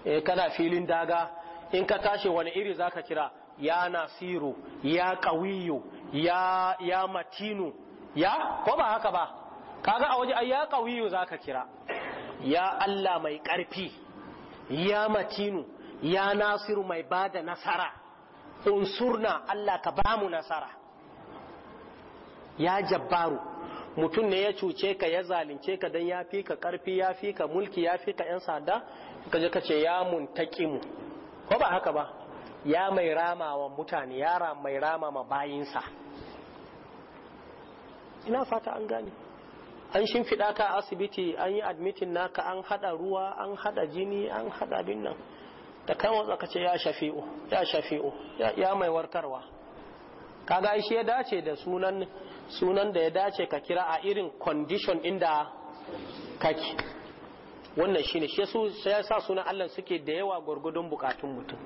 e kana filin daga in ka tashi wani iri za ka kira ya nasiru ya ƙawiyu ya, ya matinu ya ko ba haka ba kaga a waje ai ya qawiyu zaka kira ya Allah mai ƙarfi ya matinu ya nasiru mai bada nasara unsurna Allah ka bamu nasara ya jabbaru mutum ne ya cuce ka ya zalunce ka dan ya fi ka karfi ya fi ka mulki ya fi ka yan sada ka je ka ce ya muntaqimu ko ba haka ba ya mai ramawa mutane ya mai rama bayinsa ina fata an gani. an shimfiɗa ka a asibiti an yi admitin naka an haɗa ruwa an haɗa jini an haɗa bin nan da kan watsa ka ce ya shafi'u ya ya mai warkarwa kaga shi ya dace da sunan sunan da ya dace ka kira a irin condition inda kake wannan shine shi su sai sa sunan Allah suke da yawa gurgudun bukatun mutum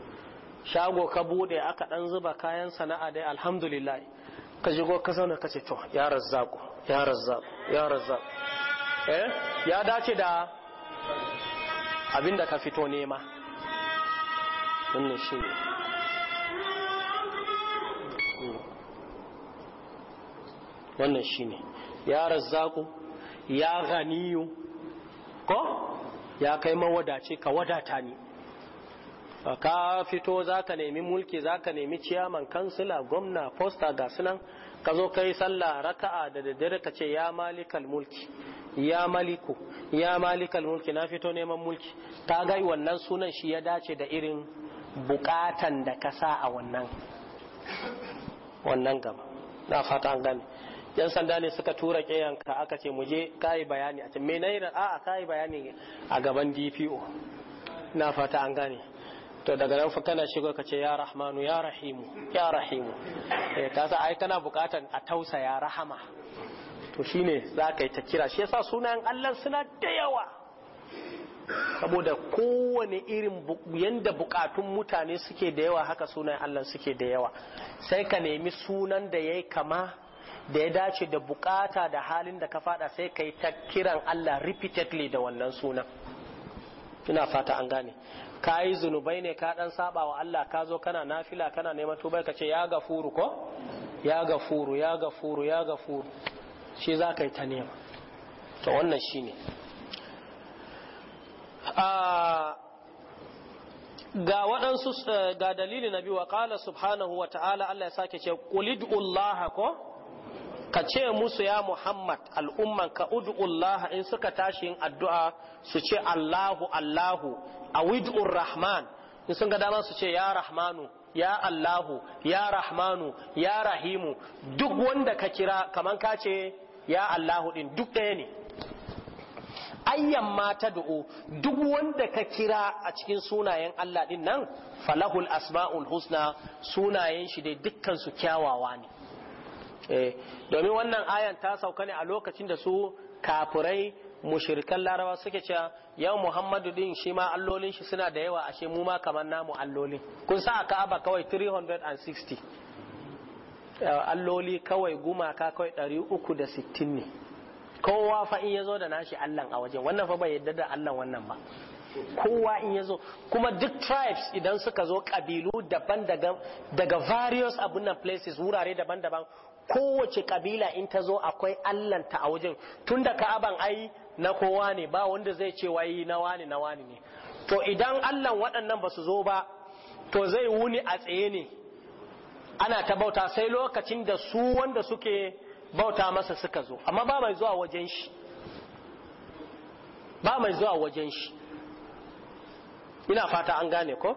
shago ka bude aka dan zuba kayan sana'a dai alhamdulillah ka shigo ka zauna ka ce to ya razzaku ya razzaq ya razzaq eh ya dace da abinda ka fito nema wannan shi ne hmm. wannan shi ne ya razzaku ya ganiyu ko ya kai mawadace ka wadata ni ka fito za ka nemi mulki za ka nemi ciyaman kansila gwamna posta ga sunan ka zo kai sallah raka'a da daddare ka ce ya malikal mulki ya maliku ya malikal mulki na fito neman mulki ta ga wannan sunan shi ya dace da irin bukatan da ka sa a wannan wannan gaba na fata an gane yan sanda ne suka tura kiyanka aka ce mu je kai bayani a ce me a a kai bayani a gaban DPO na fata an gane to daga nan fa kana shigo ka ce ya rahmanu ya rahimu ya rahimu eh sa ai kana bukatan a tausa ya rahama to shine za ka yi ta kira shi yasa sunayen Allah suna da yawa saboda kowane irin yanda bukatun mutane suke da yawa haka sunayen Allah suke da yawa sai ka nemi sunan da yayi kama da ya dace da bukata da halin da ka fada sai ka yi ta kiran Allah repeatedly da wannan sunan ina fata an gane ka yi zunubai ne ka dan saba wa Allah ka zo kana nafila kana neman tuba ka ce ya gafuru ko ya gafuru ya gafuru ya gafuru shi za ka yi ta nema to wannan shi ne ga waɗansu eh, ga dalili na biyu wa ƙala subhanahu wa ta'ala Allah ya sake ce ƙulid'ullaha ko ka ce musu ya Muhammad al'umman ka ud'ullaha in suka tashi yin addu'a su ce Allahu Allahu a wid'ur Rahman in sun ga dama su ce ya Rahmanu ya Allahu ya Rahmanu ya Rahimu duk wanda ka kira kaman ka ce ya Allahu din duk ɗaya ne ayyan mata du'u duk wanda ka kira a cikin sunayen Allah din nan falahul asma'ul husna sunayen shi dai dukkan su kyawawa ne Eh, domin wannan ayan ta sauka ne a lokacin da su kafurai mushirkan larawa suke cewa yau muhammadu din shi ma allolin shi suna da yawa ashe mu ma kamar namu allolin kun sa a ka'aba kawai 360 eh, alloli kawai gumaka kawai 360 ne kowa fa in yazo da nashi allan a wajen wannan fa bai yadda da allan wannan ba kowa in yazo kuma duk tribes idan suka zo kabilu daban daga various abunan places wurare daban-daban kowace kabila in ta zo akwai allanta a wajen tun tunda ka'aban ai na kowa ne ba wanda zai ce wai na wani na wani ne to idan allan waɗannan ba su zo ba to zai wuni a tsaye ne ana ta bauta sai lokacin da su wanda suke bauta masa suka zo amma ba mai zuwa wajen shi ba mai zuwa wajen shi ina fata an gane ko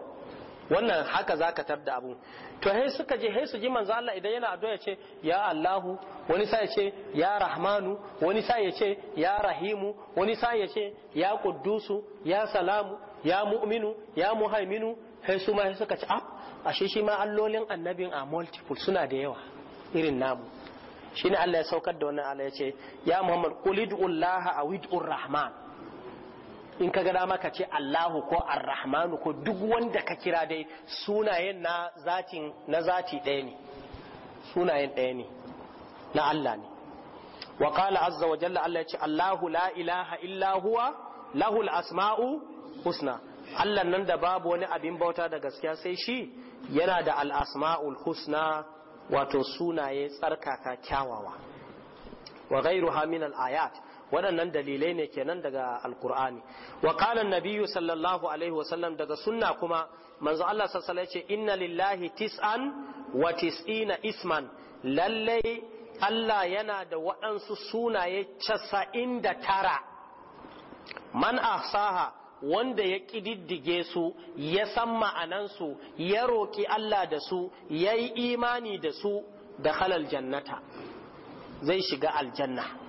wannan haka za zaka tabda abu. to hai suka je hai su ji manzo Allah idan yana addu'a ya ce ya Allahu wani sai ya ce ya Rahmanu wani sai ya ce ya Rahimu wani sai ya ce ya Quddusu ya Salamu ya Mu'minu ya Muhaiminu hai su ma suka ah ashe shi ma allolin annabin a multiple suna da yawa irin namu shine Allah ya saukar da wannan Allah ya ce ya Muhammad qul awidur rahman in ka gada maka ce Allahu ko Ar-Rahmanu ko duk wanda ka kira dai sunayen na na zati ɗaya ne sunayen ɗaya ne na Allah ne wa qala azza wa jalla Allah ya ce Allahu la ilaha illa huwa lahul asma'u husna Allah nan da babu wani abin bauta da gaskiya sai shi yana da al-asma'ul husna wato sunaye tsarkaka kyawawa wa ghairuha min al-ayat waɗannan dalilai ne kenan daga alkur'ani wa qala annabiyyu sallallahu alaihi sallam daga sunna kuma manzo Allah sallallahu alaihi ce inna lillahi tis'an wa tis'ina isman lallai Allah yana da waɗansu sunaye casa'in da tara man ahsaha wanda ya ƙididdige su ya san ma'anansu ya roƙi Allah da su ya yi imani da su da halal jannata zai shiga aljanna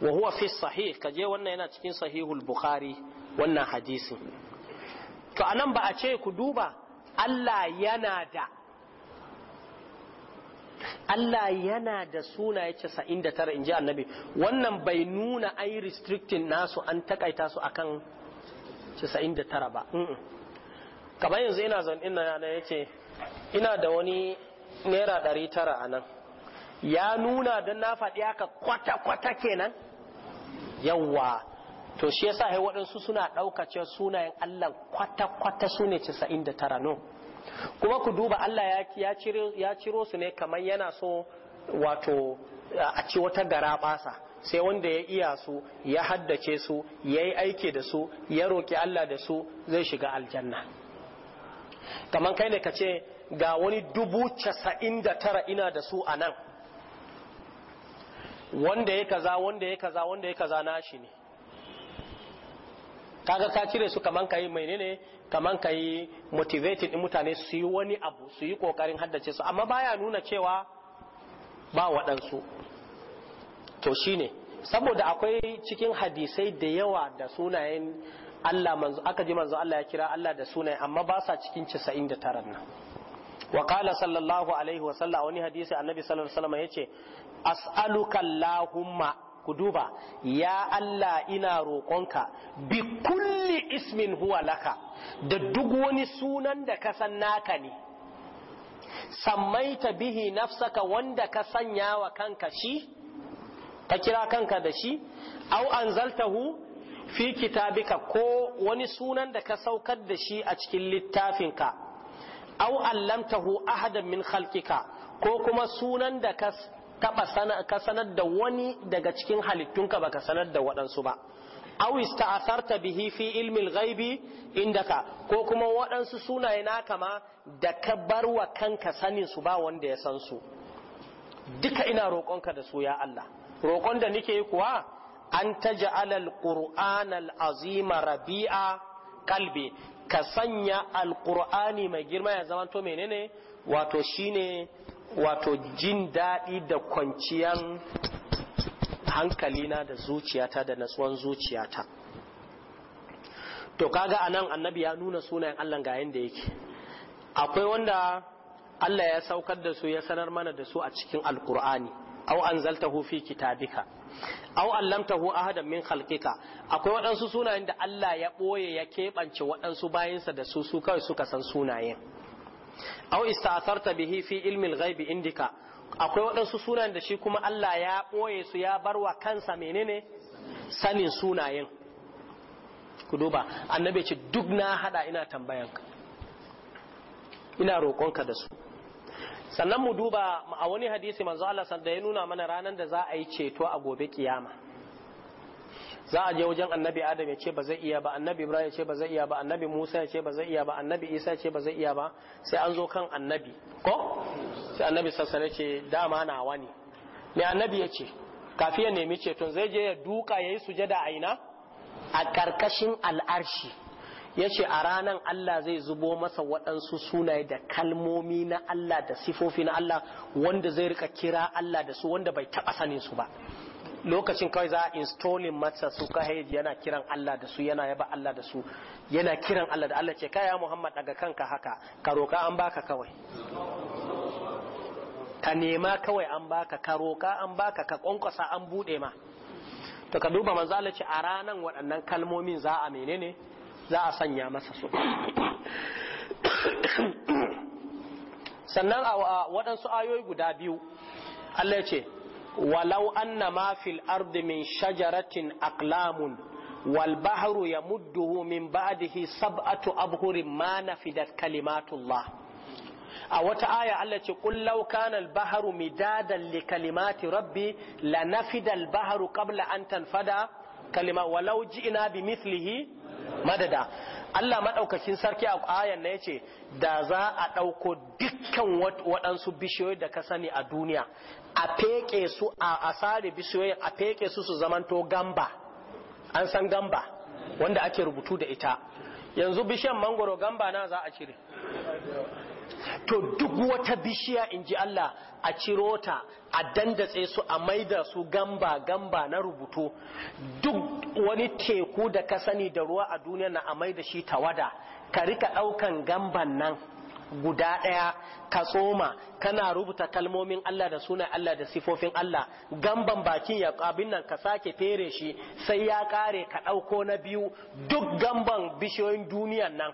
wa huwa fi sahih kaje wannan yana cikin sahihul bukhari wannan hadisi to anan ba a ce ku duba Allah yana da Allah yana da suna ya ce sa'in da tara in ji annabi wannan bai nuna ai restricting nasu an takaita su akan ce sa'in da tara ba kamar yanzu ina zan ina yana ya ce ina da wani naira ɗari tara a nan ya nuna don na faɗi haka kwata-kwata kenan yawwa to shi yasa hai waɗansu suna ɗaukace sunayen Allah kwata-kwata su ne casa'in da tara no kuma ku duba Allah ya ciro su ne kamar yana so wato a ci wata gara sai wanda ya iya su ya haddace su ya yi aiki da su ya roƙi Allah da su zai shiga aljanna kamar kai ne ka ce ga wani dubu casa'in da tara ina da su a nan wanda ya kaza wanda ya kaza wanda ya kaza shi ne kaga ka cire su kaman kai mai ne kaman kai motivated din mutane su yi wani abu su yi kokarin haddace su amma baya nuna cewa ba waɗansu to shine saboda akwai cikin hadisai da yawa da sunayen Allah manzo aka ji manzo Allah ya kira Allah da sunaye amma ba sa cikin 99 nan wa qala sallallahu alaihi wa sallam wani hadisi annabi sallallahu alaihi sallam yace as'aluka Allahumma ku duba ya Allah ina roƙonka bi kulli ismin huwa laka da duk wani sunan da ka san naka ne sammaita bihi nafsaka wanda ka sanya wa kanka shi ka kira kanka da shi au anzaltahu fi kitabika ko wani sunan da ka saukar da shi a cikin littafinka au allamtahu ahadan min khalqika ko kuma sunan da ka ka sanar da wani daga cikin halittunka baka sanar da waɗansu ba aw ista'atharta bihi fi ilmi al-ghaibi indaka ko kuma waɗansu sunaye naka ma da ka barwa kanka sanin su ba wanda ya san su duka ina roƙonka da su ya Allah roƙon da nike yi kuwa an taj'al al quran al-azima rabi'a kalbi ka sanya al-qur'ani mai girma ya zama to menene wato shine wato jin daɗi da kwanciyan hankalina da zuciyata da natsuwan zuciyata to kaga anan annabi ya nuna sunayen Allah ga yanda yake akwai wanda Allah ya saukar da su ya sanar mana da su a cikin alkur'ani au anzaltahu fi kitabika au allamtahu ahadan min khalqika akwai waɗansu sunayen da Allah ya ɓoye ya keɓance waɗansu bayansa da su su kawai suka san sunayen aw ista'tharta bihi fi ilmi al-ghaibi indika akwai waɗansu sunan da shi kuma Allah ya ɓoye su ya bar wa kansa menene sanin sunayen ku duba annabi ce duk na hada ina tambayan ka ina roƙonka da su sannan mu duba a wani hadisi manzo Allah da ya nuna mana ranar da za a yi ceto a gobe kiyama za a je wajen annabi adam ya ce ba zai iya ba annabi ibrahim ya ce ba zai iya ba annabi musa ya ce ba zai iya ba annabi isa ya ce ba zai iya ba sai an zo kan annabi ko sai annabi sassare ce dama nawa ne mai annabi ya ce kafi ya nemi tun zai je ya duka ya yi sujada a ina a karkashin al'arshi ya ce a ranan Allah zai zubo masa waɗansu sunaye da kalmomi na Allah da sifofi na Allah wanda zai rika kira Allah da su wanda bai taɓa sanin su ba lokacin kawai za a installin masa su kahaid yana kiran Allah da su yana yaba Allah da su yana kiran Allah da Allah ce kaya Muhammad daga kanka haka ka roka an baka kawai ka nema kawai an baka ka roka an baka ka kwankwasa an bude ma to ka duba manzo Allah ce a ranan waɗannan kalmomin za a menene za a sanya masa su sannan a waɗansu ayoyi guda biyu Allah ya ce ولو أن ما في الأرض من شجرة أقلام والبحر يمده من بعده سبعة أبهر ما نفدت كلمات الله أو آية التي قل لو كان البحر مدادا لكلمات ربي لنفد البحر قبل أن تنفد كلمة ولو جئنا بمثله مددا Allah maɗaukakin sarki a ayan na yace da za a ɗauko dukkan waɗansu bishiyoyi da ka sani a duniya a feke su a asare bishiyoyi a feke su su zamanto gamba an san gamba wanda ake rubutu da ita yanzu bishiyan mangoro gamba na za a cire to duk wata bishiya in ji Allah a ciro ta a dandatse su a maida su gamba gamba na rubutu duk wani teku da ka sani da ruwa a duniya na a maida shi tawada ka rika daukan gamban nan guda ɗaya ka tsoma kana rubuta kalmomin Allah da suna Allah da sifofin Allah gamban bakin ya abin nan ka sake fere shi sai ya kare ka ɗauko na biyu duk gamban bishiyoyin duniyan nan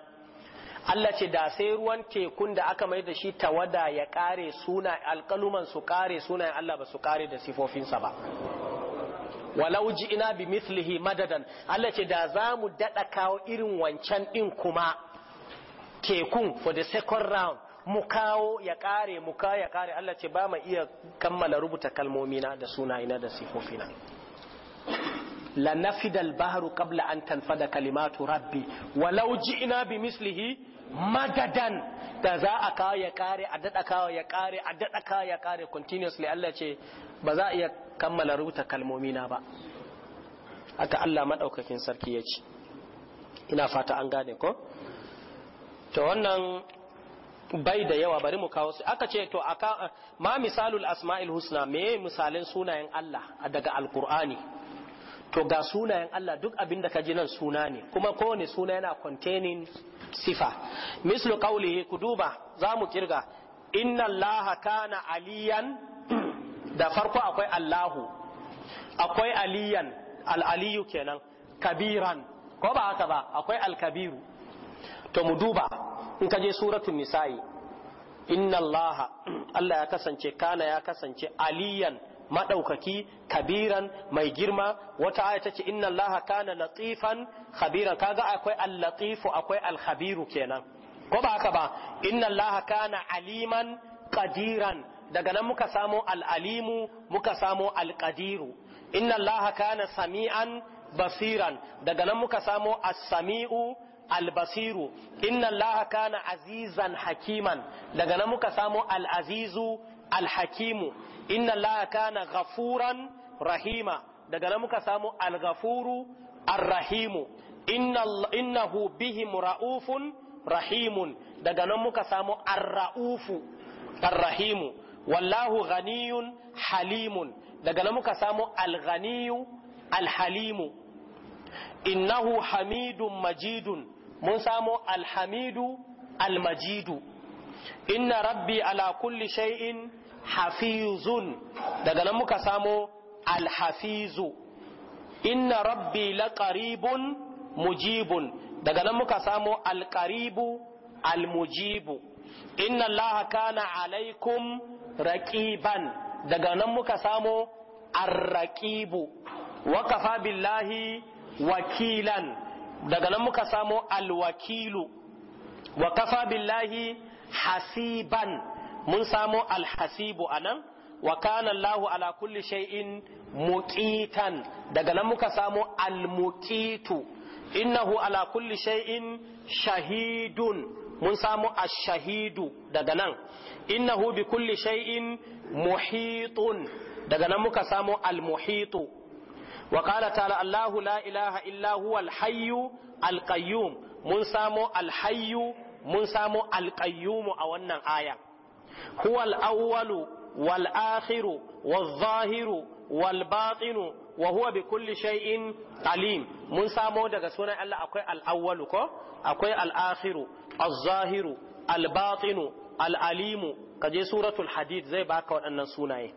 Allah ce da sai ruwan tekun da aka mai da shi tawada ya kare suna alkaluman su kare suna Allah ba su kare da sifofinsa ba walau ina bi mislihi madadan Allah ce da za mu daɗa kawo irin wancan ɗin kuma tekun for the second round mu kawo ya kare mu kawo ya kare Allah ce ba mu iya kammala rubuta kalmomina da sunayina da sifofina la nafida al-bahru qabla an tanfada kalimatu rabbi walau ina bi mislihi madadan da za a kawo ya kare a dada kawo ya kare a dada kawo ya kare continuously Allah ce ba za a iya kammala rubuta kalmomi na ba haka Allah madaukakin sarki ya ci. ina fata an gane ko to wannan bai da yawa bari mu kawo su aka ce to aka ma misalul asma'il husna me misalin sunayen Allah daga alqur'ani to ga sunayen Allah duk abin da ka ji nan suna ne kuma kowane suna yana containing sifa mislu qawlihi ku duba za mu kirga inna allaha kana aliyan da farko akwai allahu akwai aliyan al-aliyu kenan kabiran ko ba haka ba akwai al-kabiru to mu duba in ka je suratul nisa'i inna allaha Allah ya kasance kana ya kasance aliyan maɗaukaki kabiran mai girma wata aya tace inna allaha kana latifan khabira kaga akwai al-latifu akwai al-khabiru kenan ko ba haka ba inna allaha kana aliman qadiran daga nan muka samo al-alimu muka samo al-qadiru inna allaha kana sami'an basiran daga nan muka samo as-sami'u al-basiru inna allaha kana azizan hakiman daga nan muka samo al-azizu al-hakimu inna allaha kana ghafuran rahima daga nan muka samu al-ghafuru ar-rahimu innahu bihim ra'ufun rahimun daga nan muka samu ar-ra'ufu ar-rahimu wallahu ghaniyun halimun daga nan muka samu al-ghaniyu al-halimu innahu hamidun majidun mun samu al-hamidu al-majidu inna rabbi ala kulli shay'in hafizun daga nan muka samo alhafizu inna rabbi laqaribun mujibun daga nan muka samo alqaribu almujibu inna allaha kana alaikum raqiban daga nan muka samo arraqibu wa billahi wakilan daga nan muka samo alwakilu wa kafa billahi hasiban mun samo alhasibu anan wa kana Allahu ala kulli shay'in muqitan daga nan muka samo almuqitu innahu ala kulli shay'in shahidun mun samo ash-shahidu daga nan innahu bi kulli shay'in muhitun daga nan muka samo almuhitu wa qala ta'ala Allahu la ilaha illa huwa al-hayyu al-qayyum mun samo al-hayyu mun samo al-qayyum a wannan ayan huwal awwalu wal akhiru wal zahiru wal batinu wa huwa bi kulli shay'in alim mun samo daga sunan Allah akwai al awwalu ko akwai al akhiru al zahiru al batinu al alimu kaje suratul hadid zai baka waɗannan sunaye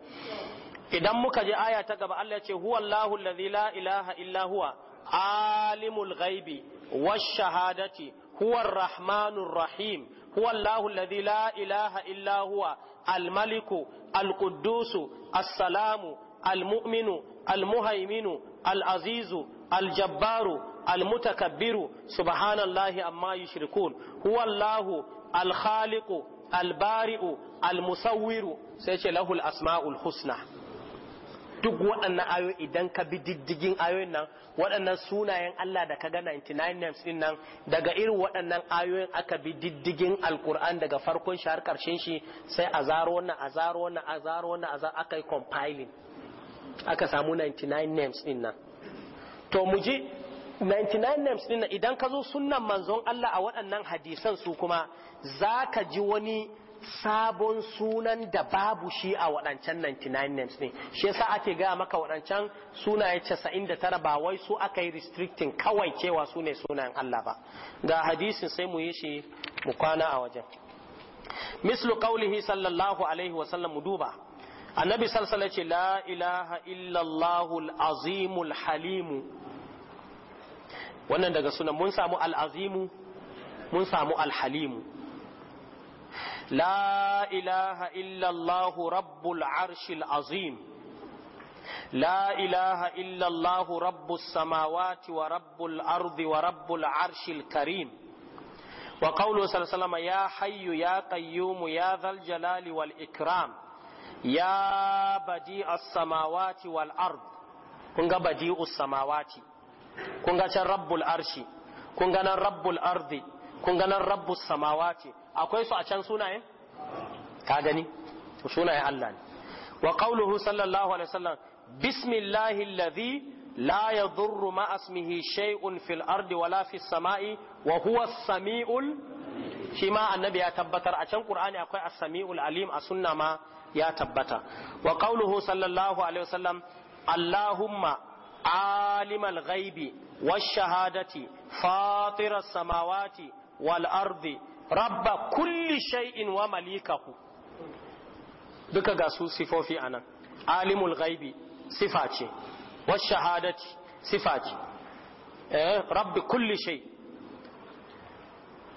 idan muka je aya ta gaba Allah ya ce huwa Allahu la ilaha illa huwa alimul ghaibi wa shahadati huwa arrahmanur rahim huwa Allahu alladhi la ilaha illa huwa al-maliku al-quddusu as al-mu'minu al-muhaiminu al-azizu al-jabbaru al-mutakabbiru subhanallahi amma yushrikun huwa Allahu al-khaliqu al-bari'u al-musawwiru sai ce lahul asma'ul husna duk waɗannan ayo idan ka bi diddigin ayoyin nan waɗannan sunayen Allah da ka ga 99 names din nan daga irin waɗannan ayoyin aka bi diddigin alkur'an daga farkon shi har karshen shi sai a zaro wannan a zaro wannan a zaro wannan a zaro aka yi compiling aka samu 99 names din nan to mu ji 99 names din nan idan ka zo sunnan manzon Allah a waɗannan hadisan su kuma zaka ji wani sabon sunan da babu shi a waɗancan 99 names ne shi yasa ake gaya maka waɗancan sunaye 99 ba wai su aka yi restricting kawai cewa su ne sunayen Allah ba ga hadisin sai mu yi shi mu kwana a wajen mislu qaulihi sallallahu alaihi wa sallam mu duba annabi sallallahu ce la ilaha illallahu al-azimul halimu wannan daga sunan mun samu al-azimu mun samu al-halimu لا إله إلا الله رب العرش العظيم لا إله إلا الله رب السماوات ورب الأرض ورب العرش الكريم وقوله صلى الله عليه وسلم يا حي يا قيوم يا ذا الجلال والإكرام يا بديع السماوات والأرض كنغا بديع السماوات كنغا رب العرش كنغا رب الأرض كنغا رب السماوات akwai su a can sunayen ka gani sunayen Allah ne wa qauluhu sallallahu alaihi wasallam bismillahi alladhi la yadhurru ma asmihi shay'un fil ardi wala fis sama'i wa huwa as-sami'ul shi ma annabi ya tabbatar a can qur'ani akwai as-sami'ul alim a sunna ma ya tabbata wa qauluhu sallallahu alaihi wasallam allahumma alimal ghaibi wash shahadati fatir as-samawati wal ardi rabba kulli shay'in wa malikahu duka ga su sifofi anan alimul ghaibi sifa ce was shahadati sifa ce eh rabbi kulli shay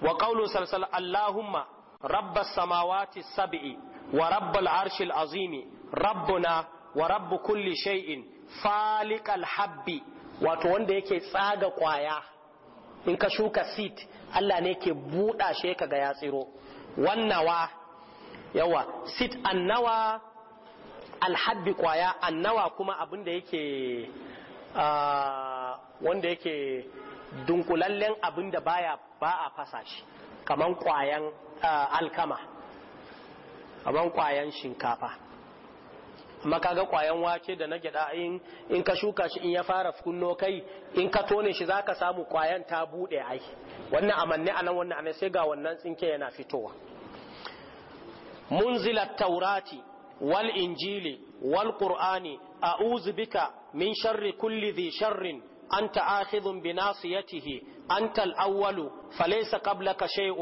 wa qawlu sallallahu allahumma rabbas samawati sab'i wa rabbal arshil azimi rabbuna wa rabbu kulli shay'in faliqal habbi wato wanda yake tsaga kwaya in ka shuka seed Allah ne ke buɗa shi ka ga ya tsiro wannawa yawa seed annawa alhabbi kwaya annawa kuma abin da yake wanda yake dunkulallen abin da baya ba a fasa shi kaman kwayan alkama kaman kwayan shinkafa makaga kaga kwayan wake da na gyada in ka shuka shi in ya fara kunno kai in ka tone shi zaka samu kwayan ta bude ai wannan amanne anan wannan anan sai ga wannan tsinke yana fitowa munzilat taurati wal injili wal qur'ani a'udhu bika min sharri kulli dhi sharrin anta akhidhun bi nasiyatihi anta al-awwalu falaysa qablaka shay'un